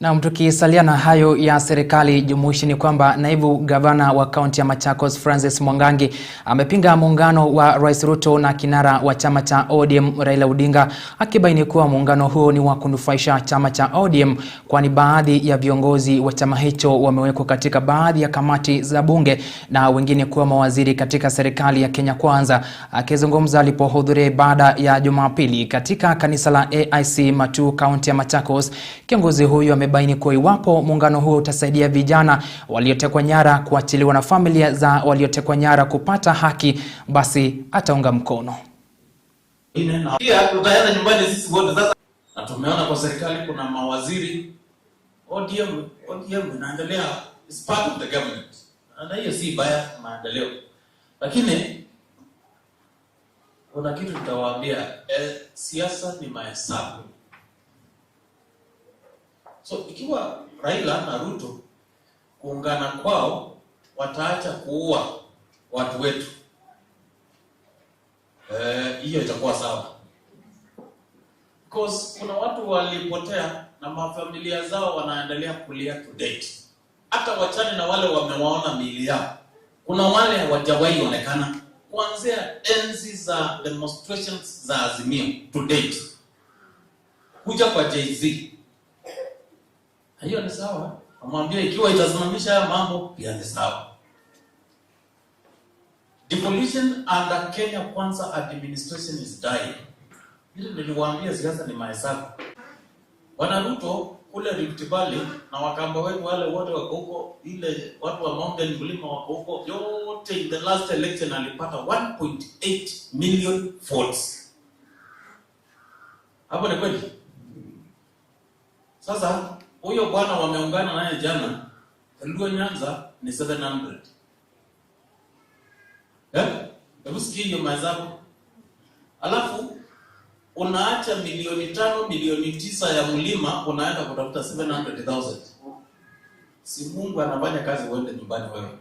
Na tukisalia na hayo ya serikali jumuishi ni kwamba naibu gavana wa kaunti ya Machakos Francis Mwangangi amepinga muungano wa Rais Ruto na kinara wa chama cha ODM Raila Odinga akibaini kuwa muungano huo ni wa kunufaisha chama cha ODM kwani baadhi ya viongozi wa chama hicho wamewekwa katika baadhi ya kamati za bunge na wengine kuwa mawaziri katika serikali ya Kenya Kwanza. Akizungumza alipohudhuria ibada ya Jumapili katika kanisa la AIC Matu kaunti ya Machakos, kiongozi huyo ame wamebaini kuwa iwapo muungano huo utasaidia vijana waliotekwa nyara kuachiliwa na familia za waliotekwa nyara kupata haki, basi ataunga mkono. Pia tutaenda nyumbani sisi wote sasa, na tumeona kwa serikali kuna mawaziri ODM, ODM inaendelea is part of the government, na hiyo si baya maendeleo, lakini kuna kitu eh, siasa ni mahesabu. So ikiwa Raila na Ruto kuungana kwao wataacha kuua watu wetu, eh, hiyo eh, itakuwa sawa, because kuna watu walipotea na mafamilia zao wanaendelea kulia to date. Hata wachane na wale wamewaona miili yao, kuna wale hawajawahi onekana kuanzia enzi za demonstrations za Azimio to date, kuja kwa Jay-Z na hiyo ni sawa. Amwambia ikiwa itasimamisha haya mambo pia ni sawa. Devolution under Kenya Kwanza administration is dying. Hili niliwaambia siasa ni mahesabu. Bwana Ruto kule Rift Valley na wakamba wetu wale wote wako huko, ile watu wa mountain mlima wako huko, yote in the last election alipata 1.8 million votes. Hapo ni kweli? Sasa huyo bwana wameungana naye jana Luo Nyanza ni 700. Eh? Hebu sikia hiyo Alafu unaacha milioni tano milioni tisa ya mlima unaenda kutafuta 700,000. Si Mungu anafanya kazi uende nyumbani wewe.